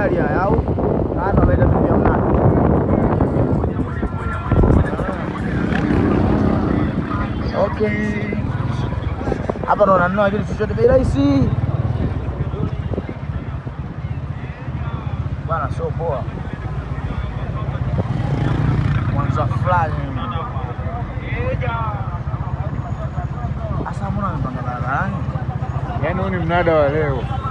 yaliaya au aaaaa okay. Hapa ndo nanunua kitu chochote bei rahisi bwana, sio poa mwanza fulani hasa, mbona amepanga barabarani? Yaani huu ni mnada wa leo.